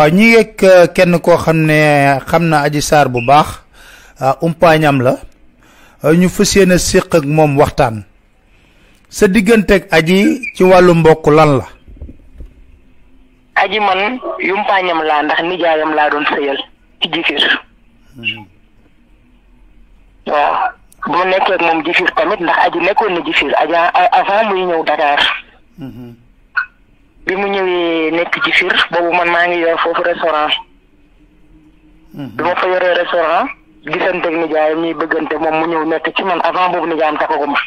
wa ñi ngeeg euh, kenn ko xamne xamna aji sar bu baax euh, umpaañam la euh, ñu fas yéene ak mom waxtaan sa diggante ak aji ci walu mbokk lan la aji man yumpaañam la ndax jaayam la doon seyel ci jikir wa bu nekk ak mom jikir tamit ndax aji nekkoon na aja avant muy ñew dakar mm-hmm. bi mu ñëwee nekk ci fir boobu man maa ngi yor foofu restaurant. Mhm. bi ma fa yoree restaurant gisanteeg nijaay mi bëggante moom mu ñëw nekk ci man avant boobu nijaayam takku ma.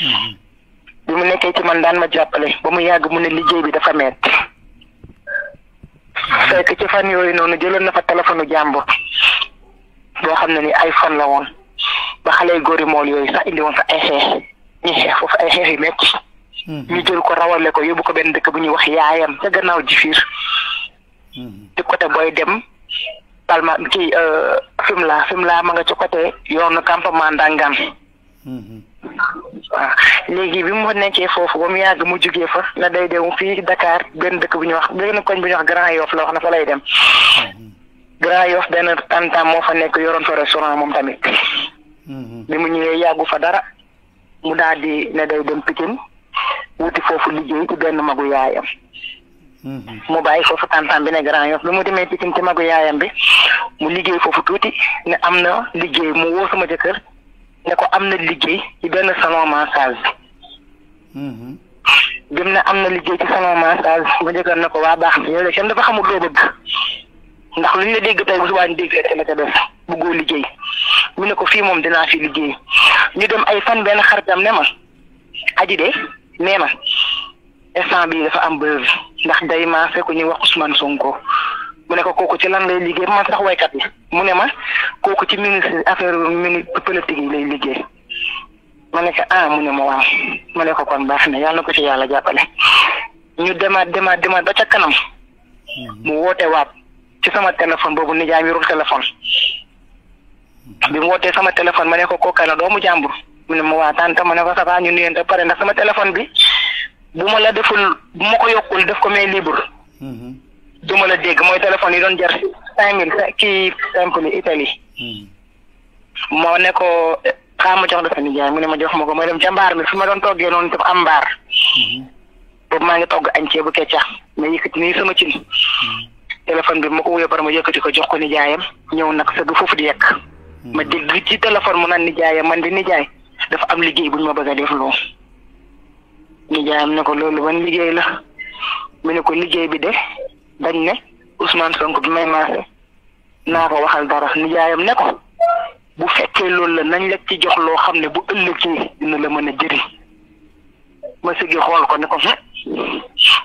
Mhm. bi mu nekkee ci man daan ma jàppale ba mu yàgg mu ne liggéey bi dafa met mhm. fekk ci fan yooyu noonu jëloon na fa téléphone jàmbur boo xam ne ni iPhone la woon ba xale yu góor yi mool yooyu sax indi woon fa ay xeex foofu ay xeex yu metti ñu jël ko rawale ko yóbbu ko benn dëkk bu ñuy wax yaayam ca gannaaw jifiir mm-hmm. ci côté booy dem ki palma ci euh, Fimela laa ma nga ci côté yoonu campement Ndangan mm-hmm. waaw léegi bi mu nekkee foofu ba mu yàgg mu jugee fa na day dem fii dakaar benn dëkk bu ñuy wax benn koñ bu ñuy wax Grand Yoff la wax na fa lay dem mm-hmm. Grand Yoff benn tantam moo fa nekk yoroon fa restaurant moom tamit bi mu ñëwee yàggu fa dara mu daal di day dem Pikine wuti foofu liggéey ci benn magu yaayam. Mhm. mu bàyyi foofu tantam bi ne Grand Yoff bi mu demee Pikine ci magu yaayam bi mu liggéey foofu tuuti ne am na liggéey mu woo sama jëkkër ne ko am na liggéey ci benn salon massage bi. Mhm. ne am na liggéey ci salon massage ma jëkkër ne ko waa baax na yow de kenn dafa xamul loo bëgg ndax lu la dégg tey bu subaa ñu dégg rek liggéey mu ne ko fii moom dinaa fi liggéey ñu dem ay fan benn xaritam ne ma aji de. nee na instant bii dafa am buzz ndax day maase ku ñuy wax Ousmane Sonko mu ne ko kooku ci lan lay liggéey man sax waykat la mu ne ma kooku ci ministre affaire ministre politique yi lay liggéey ma nekk ko ah mu ne ma waaw ma ne ko kon baax na yàlla na ko ci yàlla jàppale ñu demaat demaat demaat ba ca kanam mm-hmm. mu woote waat ci sama téléphone boobu nijaay mi téléphone bi mu wootee sama téléphone ma ne ko kooka la doomu jàmbur mu ne ma waa tante ma ne ko ça va ñu nuyeen pare ndax sama téléphone bi bu ma la deful bu ma ko yokkul def ko may libre. Mhm. du ma la dégg mooy téléphone yi doon jar cinq kii simple Italie. moo mhm. ne ko xaaral ma jox ma jox ma ko ma dem ca mbaar mi fi ma doon toggee noonu tam am mbaar. Mhm. boobu maa ngi togg añ ceebu keccax ma yëkkati nii sama cin. bi ma ko wuyoo pare ma yëkkati ko jox ko nijaayam ñëw nag sëgg foofu di yekk. ma dégg ci téléphone mu naan nijaayam man di nijaay. dafa am liggéey bu ñu ma bëgg def loo nijaayam ne ko loolu ban liggéey la mu ne ko liggéey bi de dañ ne Ousmane Sonko bi may maase naa ko waxal dara nijaayam ne bu fekkee loolu la nañ la ci jox loo xam ne bu ëllëgee dina la mën a jëriñ ma sëggi xool ko ne ko hmm?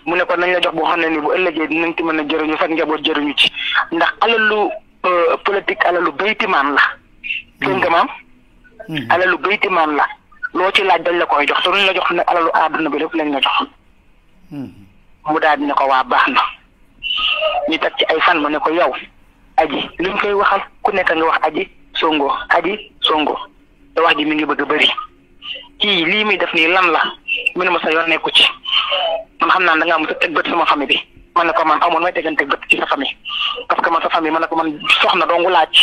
mu ne ko nañ la jox boo xam ne ni bu ëllëgee dinañ ci mën a jëriñu sax njaboot jëriñu ci ndax alalu euh, politique alalu baytimaan la dégg nga Mm-hmm. alalu baytimaan la loo ci laaj dañ la koy jox te luñ la jox ne alalu àdduna bi lépp lañ la jox. Mm-hmm. mu daal di ne ko waa baax na ñu teg ci ay fan ma ne ko yow aji luñ koy waxal ku nekk nga wax aji songo aji songo te wax ji mi ngi bëgg a bëri kii lii muy def nii lan la mu ne ma sa yoon nekku ci man xam naa da ngaa mos a teg bët sama famille bi ma ne ko man amoon may tegante bët ci sa famille parce que man sa famille ma ne ko man soxna dong laaj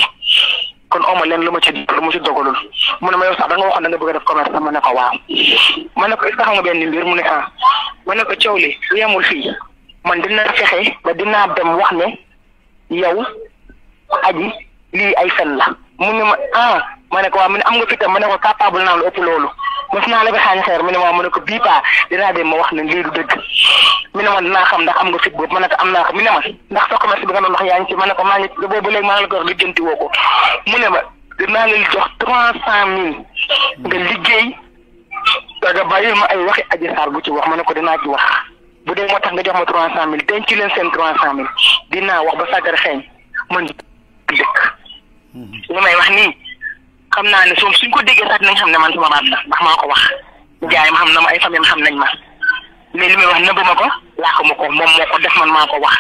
kon oma leen lu ma ci lu ma ci dogalul mu a ma yow sax da nga waxoon nga bëgg a def commerce ma ne ko waaw ma ne ko xam nga benn mbir mu ne ah ma ne ko coow li lu fii man dina fexe ba dinaa dem wax ne yow aji lii ay fen la mun ne ma ah ma ne ko ne am nga fi tam ma ne ko capable naa lu ëpp loolu mos naa la ba xaañ xeer mu ne ma mu ko bii paa dinaa dem ma wax ne lii du dëgg mu ne ma dinaa xam ndax am nga fit boobu ma na ko am naa ko mi ne ma ndax sa commerce bi nga doon wax yaa ma ne ko maa ngi ci boobu woo ko mu ne ma dinaa leen jox trois cent mille nga liggéey nga bàyyil ma ay waxi Adji Sarr bu ci wax ma ne ko dinaa ci wax bu dee moo tax nga jox ma trois cent mille denc leen seen trois cent mille wax ba sàggar xeeñ man dëkk li wax nii xam naa ne suñ ko déggee sax dinañ xam ne man sama baat na ndax maa ko wax gars yi ma xam na ma ay famille ma xam nañ ma mais li may wax nëbbu ma ko waxuma ko moom moo ko def man maa ko wax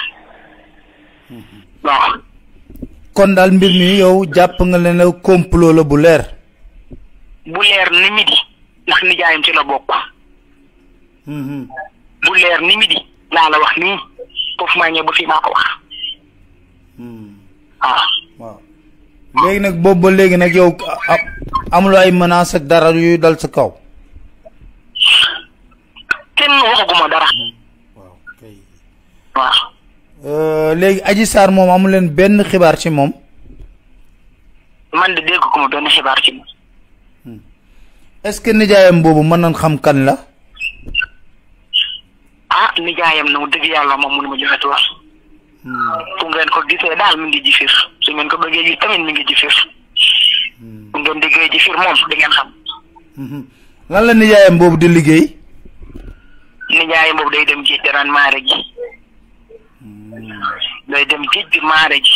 waaw. kon daal mbir mi yow jàpp nga leen ne complot la bu leer. bu leer ni midi ndax nijaayam ci la bokk. Mhm. bu leer ni midi laa la wax nii foofu maa mhm. nag boobu ba léegi nag yow amul ay menaces ak dara yuy dal sa kaw. kenn waxaguma dara. Mhm. léegi aji Sarr moom amu leen benn xibaar ci moom. man de dégg ko ma benn xibaar ci moom. Hmm. est-ce que nijaayam boobu mën nañ xam kan la. ah nijaayam na mu dëgg yàlla moom mënu ma joxe tuur. Hmm. fu ngeen ko gisee daal mu ngi ji fir su ngeen ko bëggee gis tamit mi ngi ji fir. bu hmm. ngeen liggéey ji fir moom di ngeen xam. lan la nijaayam boobu di liggéey. nijaayam boobu day dem ci dérènement rek ji. day dem géej gi maare ji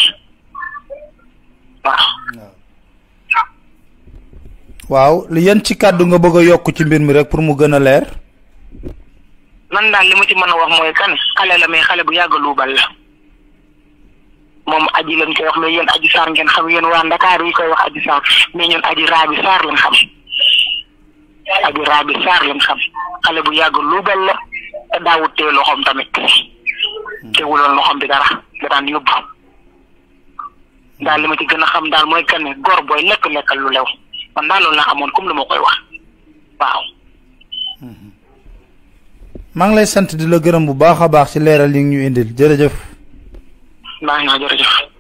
waaw. waaw lu ci kàddu nga bëgg a yokk ci mbir mi rek pour mu gën a leer. man daal li ma ci mën a wax mooy kan xale la mais xale bu yàgg luubal la moom aji lañ koy wax mais yéen aji saar ngeen xam yéen waa Ndakaar yi koy wax aji saar mais ñun aji raabi saar lañ xam aji raabi saar lañ xam xale bu yàgg luubal la te daawut tee loxoom tamit. teewuloon loxoom bi dara da daan yóbbu daal li ma ci gën a xam daal mooy kan gor booy lekk lekkal lu lew man daal loolu laa amoon comme lu ma koy wax waaw. maa ngi lay sant di la gërëm bu baax a baax ci leeral yi ñu indil jërëjëf. maa ngi laa